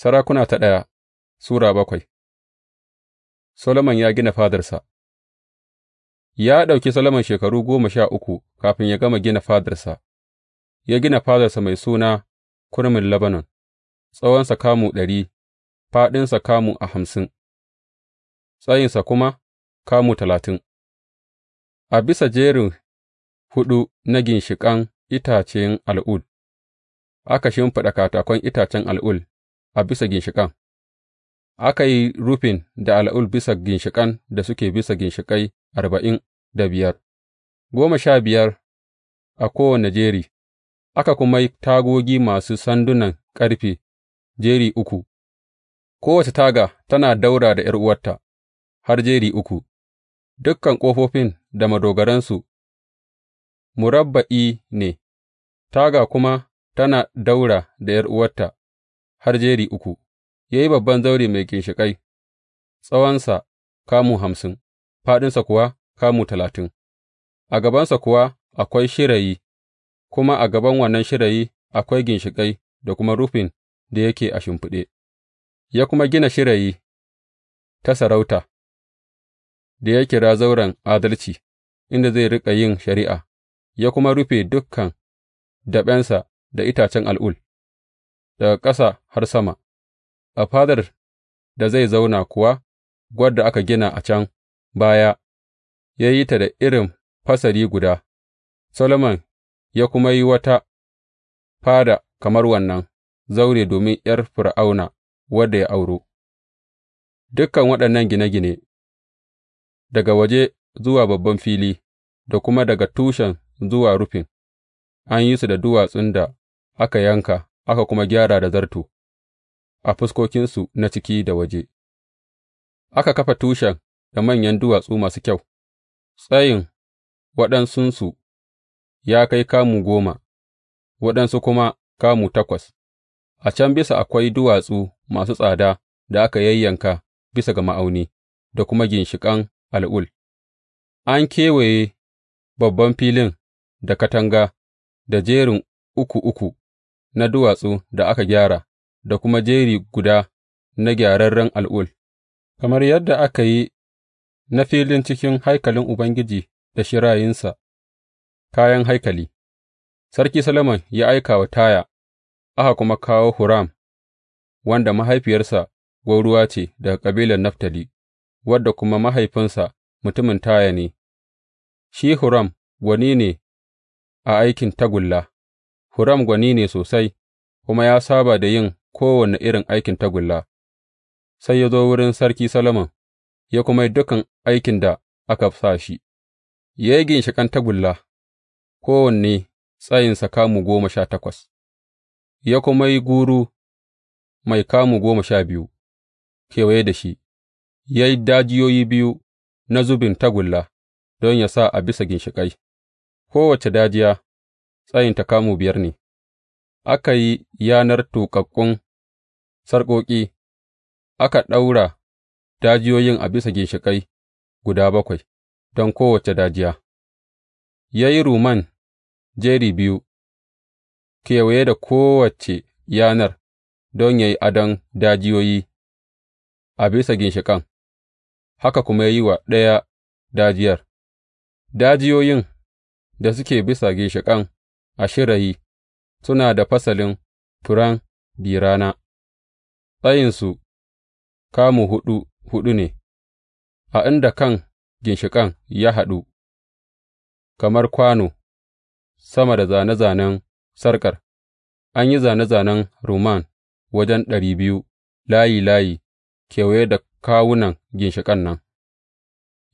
Sarakuna ta ɗaya Sura bakwai Solomon ya gina fadarsa Ya ɗauki Solomon shekaru goma sha uku kafin ya gama gina fadarsa, ya gina fadarsa mai suna Kurmin Lebanon, tsawonsa kamu ɗari, faɗinsa kamu a hamsin, tsayinsa kuma kamu talatin, a bisa jerin huɗu na ginshiƙan itacen al'ul, aka shimfiɗa katakon itacen al'ul. a bisa ginshiƙan, aka yi rufin da al'ul bisa ginshiƙan da suke bisa ginshiƙai arba'in da biyar, goma sha biyar a kowane jeri, aka kuma yi tagogi masu sandunan ƙarfe jeri uku, kowace taga tana daura da ’yar'uwarta har jeri uku, dukkan ƙofofin da madogaransu murabba'i ne, taga kuma tana daura da ’yar'uwarta. har jeri uku, ya yi babban zaure mai ginshiƙai, tsawonsa kamu hamsin, fāɗinsa kuwa kamu talatin, a gabansa kuwa akwai shirayi, kuma a gaban wannan shirayi akwai ginshiƙai da kuma rufin da yake a shimfiɗe, ya kuma gina shirayi ta sarauta da ya kira zauren adalci, inda zai riƙa yin shari'a, ya kuma rufe dukkan daɓensa da itacen al'ul. daga ƙasa har sama, a fadar da zai zauna kuwa, gwadda aka gina a can baya, ya yi ta da irin fasari guda, Solomon ya kuma yi wata fada kamar wannan zaure domin ’yar Fir'auna wadda ya auro. Dukan waɗannan gine-gine daga waje zuwa babban fili da kuma daga tushen zuwa rufin, an yi su da duwatsun da aka yanka aka kuma gyara da zarto a fuskokinsu na ciki da waje, aka kafa tushen da manyan duwatsu masu kyau, tsayin waɗansunsu ya kai kamu goma, waɗansu kuma kamu takwas, a can bisa akwai duwatsu masu tsada da aka yayyanka bisa ga ma'auni da kuma ginshiƙan al'ul, an kewaye babban filin da katanga da jerin uku uku na duwatsu da aka gyara da kuma jeri guda na gyararren al'ul, kamar yadda aka yi na filin cikin haikalin Ubangiji da shirayinsa, kayan haikali, Sarki Solomon ya aika wa Taya, aka kuma kawo Huram, wanda mahaifiyarsa gwauruwa ce daga kabilar Naftali, wadda kuma mahaifinsa mutumin Taya ne, shi Huram wani ne a aikin tagulla. Huram gwani ne sosai, kuma ya saba da yin kowane irin aikin tagulla, sai ya zo wurin Sarki Solomon ya kuma yi dukan aikin da aka sa shi, ya yi ginshiƙan tagulla, kowanne tsayinsa kamu goma sha takwas, ya kuma yi guru mai kamu goma sha biyu kewaye da shi, ya yi dajiyoyi biyu na zubin tagulla don ya sa a bisa ginshiƙai, kowace dajiya. tsayinta kamu biyar ne, aka yi yanar tuƙaƙƙun sarƙoƙi, aka ɗaura dajiyoyin a bisa ginshiƙai guda bakwai don kowace dajiya, ya yi rumman jeri biyu kewaye da kowace yanar don yă yi adon dajiyoyi a bisa ginshiƙan, haka kuma ya yi wa ɗaya dajiyar, dajiyoyin da suke bisa ginshiƙan a shirayi suna da fasalin furen bi rana, tsayinsu kamu huɗu huɗu ne, a inda kan ginshiƙan ya haɗu kamar kwano sama da zane-zanen sarƙar, an yi zane-zanen roman wajen ɗari biyu layi layi kewaye da kawunan ginshiƙan nan,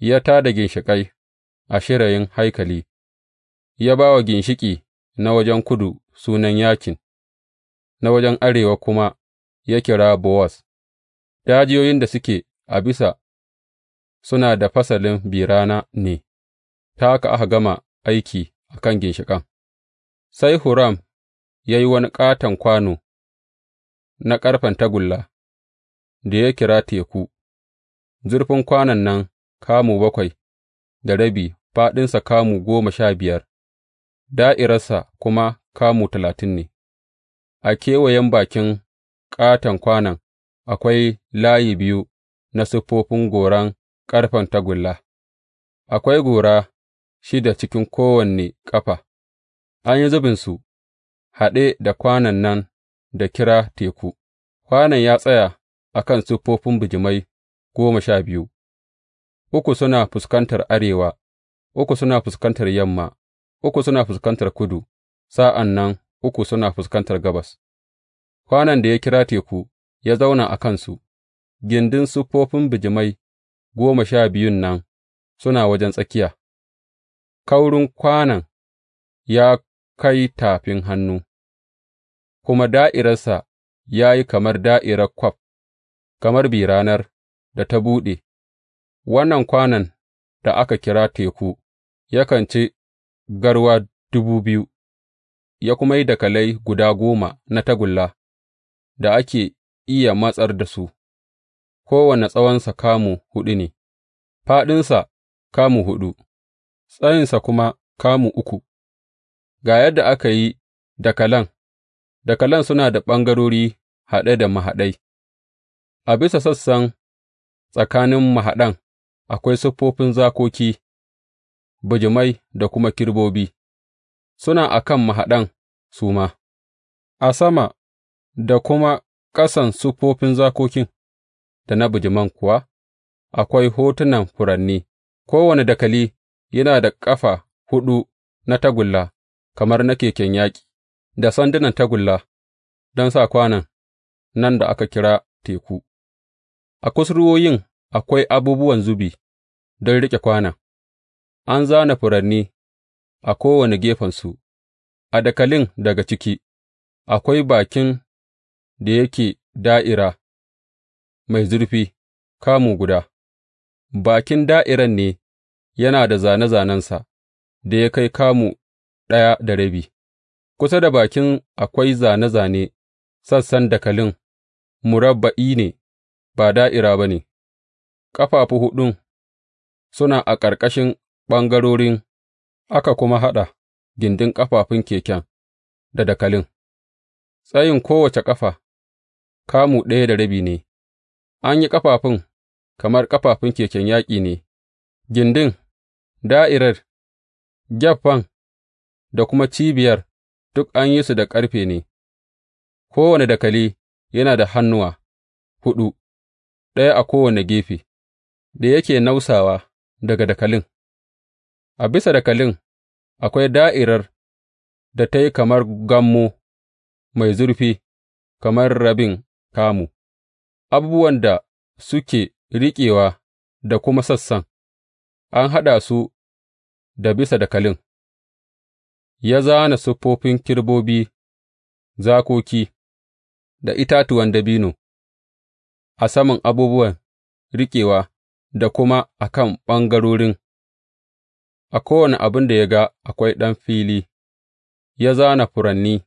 ya tā da ginshiƙai a shirayin haikali, ya ba wa ginshiƙi na wajen kudu sunan Yakin, na wajen arewa kuma ya kira Bowaz, dajiyoyin da suke a bisa suna da fasalin birana ne, ta haka aka gama aiki a kan ginshiƙan. Sai Huram ya yi wani ƙaton kwano na ƙarfen tagulla da ya kira teku, zurfin kwanon nan kamu bakwai da rabi, faɗinsa kamu goma sha biyar. da'irarsa kuma kamu talatin ne, a kewayen bakin ƙaton kwanon akwai layi biyu na siffofin goran ƙarfen tagulla, akwai gora shida cikin kowanne ƙafa, an yi zubinsu haɗe da kwanon nan da kira teku, Kwanan ya tsaya a kan siffofin bijimai goma sha biyu, uku suna fuskantar arewa, uku suna fuskantar yamma. uku suna fuskantar kudu, sa'an nan uku suna fuskantar gabas, Kwanan da ya kira teku ya zauna a kansu, gindin siffofin bijimai goma sha biyun nan suna wajen tsakiya, kaurin kwanan ya kai tafin hannu, kuma da'irarsa ya yi kamar da'irar kwaf, kamar bi ranar da ta buɗe, wannan kwanan da aka kira teku yakan ce garwa dubu biyu, ya kuma yi dakalai guda goma na tagulla da ake iya matsar da su, kowane tsawonsa kamu huɗu ne, fāɗinsa kamu huɗu, tsayinsa kuma kamu uku. Ga yadda aka yi dakalan, dakalan suna da ɓangarori haɗe da mahaɗai, a bisa sassan tsakanin mahaɗan akwai siffofin zakoki. bijimai da kuma kirbobi suna a kan mahaɗan su ma, a sama da kuma ƙasan siffofin zakokin da na bijiman kuwa akwai hotunan furanni, kowane dakali yana da ƙafa huɗu na tagulla kamar na keken yaƙi, da sandunan tagulla don sa kwanan nan da aka kira Teku, a kusurwoyin akwai abubuwan zubi don riƙe kwanan. an zāna furanni a kowane gefensu, a dakalin daga ciki, akwai bakin da yake da'ira mai zurfi, kamu guda, bakin da'iran ne yana da zane-zanensa da ya kai kamu ɗaya da rabi, kusa da bakin akwai zane zane sassan dakalin murabba'i ne, ba da'ira ba ne, ƙafafu huɗun suna a ƙarƙashin ɓangarorin, aka kuma haɗa gindin ƙafafun keken da dakalin, tsayin kowace ƙafa kamu ɗaya da rabi ne, an yi ƙafafun kamar ƙafafun keken yaƙi ne, gindin, da'irar, gyaffan da kuma cibiyar duk an yi su da ƙarfe ne, kowane dakali yana da hannuwa huɗu, ɗaya a kowane gefe, da yake nausawa daga dakalin. A bisa dakalin akwai da'irar da ta yi kamar gammo mai zurfi kamar rabin kamu, abubuwan da suke riƙewa da kuma sassan, an haɗa su da bisa dakalin, ya zana siffofin kirbobi, zakoki da itatuwan dabino a saman abubuwan riƙewa da kuma a kan ɓangarorin. a kowane abin da ya ga akwai ɗan fili, ya zana furanni,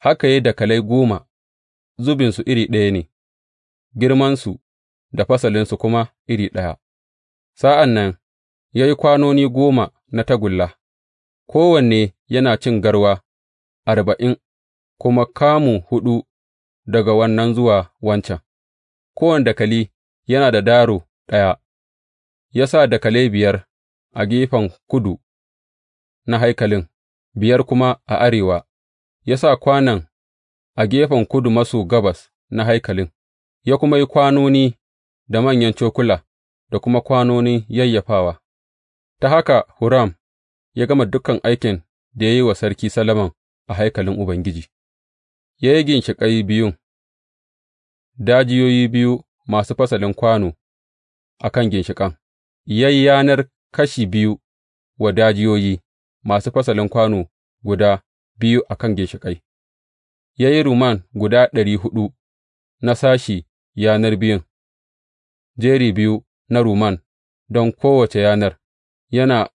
haka ya yi dakalai goma, zubinsu iri ɗaya ne, girmansu da fasalinsu kuma iri ɗaya. Sa'an nan ya yi kwanoni goma na tagulla, kowanne yana cin garwa arba'in, kuma kamu huɗu daga wannan zuwa wancan, kowane dakali yana da daro ɗaya, ya sa dakalai biyar a gefen kudu na haikalin, biyar kuma a arewa, ya sa kwanan a gefen kudu maso gabas na haikalin, ya kuma yi kwanoni da manyan cokula da kuma kwanonin yayyafawa. Ta haka Huram ya gama dukan aikin da ya yi wa Sarki Salaman a haikalin Ubangiji, ya yi ginshiƙai biyun, dajiyoyi biyu masu fasalin kwano a kan ginshiƙan, ya yi yanar kashi biyu wa dajiyoyi masu fasalin kwano guda biyu a kan ginshiƙai, ya yi rumman guda ɗari huɗu na sashi yanar biyun, jeri biyu na rumman don kowace yanar, yana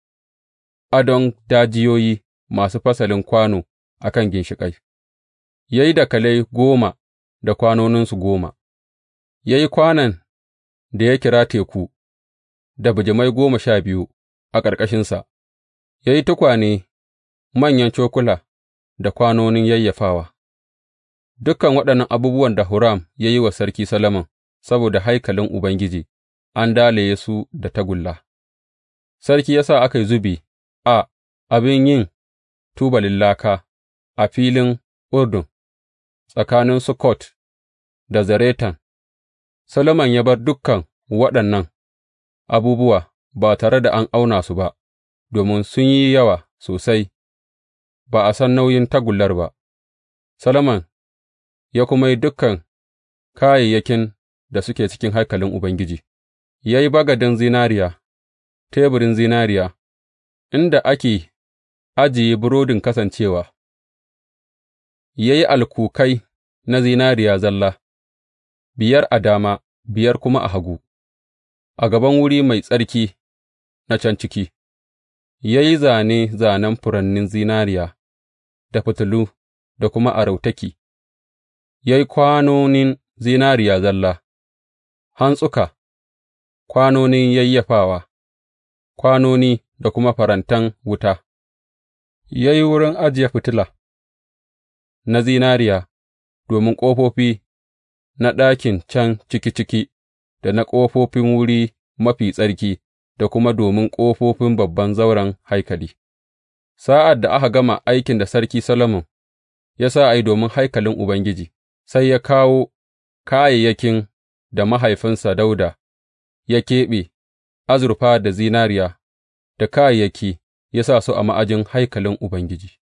adon dajiyoyi masu fasalin kwano a kan ginshiƙai, ya yi dakalai goma da kwanoninsu goma, ya yi kwanon da ya kira Teku. da bijimai goma sha biyu a ƙarƙashinsa, ya yi tukwane, manyan cokula da kwanonin yayyafawa, dukan waɗannan abubuwan da Huram ya yi wa Sarki Solomon saboda haikalin Ubangiji, an dalaye su da tagulla. Sarki ya sa aka yi zubi a abin yin tubalin laka a filin Urdun tsakanin Sukkot da Zaretan, Solomon ya bar dukan waɗannan abubuwa ba tare da an auna su ba, domin sun yi yawa sosai, ba a san nauyin tagullar ba. Solomon ya kuma yi dukan kayayyakin da suke cikin haikalin Ubangiji, ya yi bagadin zinariya, teburin zinariya, inda ake ajiye burodin kasancewa, ya yi alkukai na zinariya zalla, biyar a dama, biyar kuma a hagu. a gaban wuri mai tsarki na can ciki, ya yi zane-zanen furannin zinariya da fitilu da kuma arautaki, ya yi kwanonin zinariya zalla, hantsuka, kwanonin yayyafawa, kwanoni da kuma farantan wuta, ya yi wurin ajiye fitila na zinariya domin ƙofofi na ɗakin can ciki ciki da na ƙofofin wuri mafi tsarki, da kuma domin ƙofofin babban zauren haikali. Sa'ad da aka gama aikin da Sarki Solomon ya sa a yi domin haikalin Ubangiji, sai ya kawo kayayyakin da mahaifinsa Dauda ya keɓe, azurfa da zinariya da kayayyaki ya sa su a ma'ajin haikalin Ubangiji.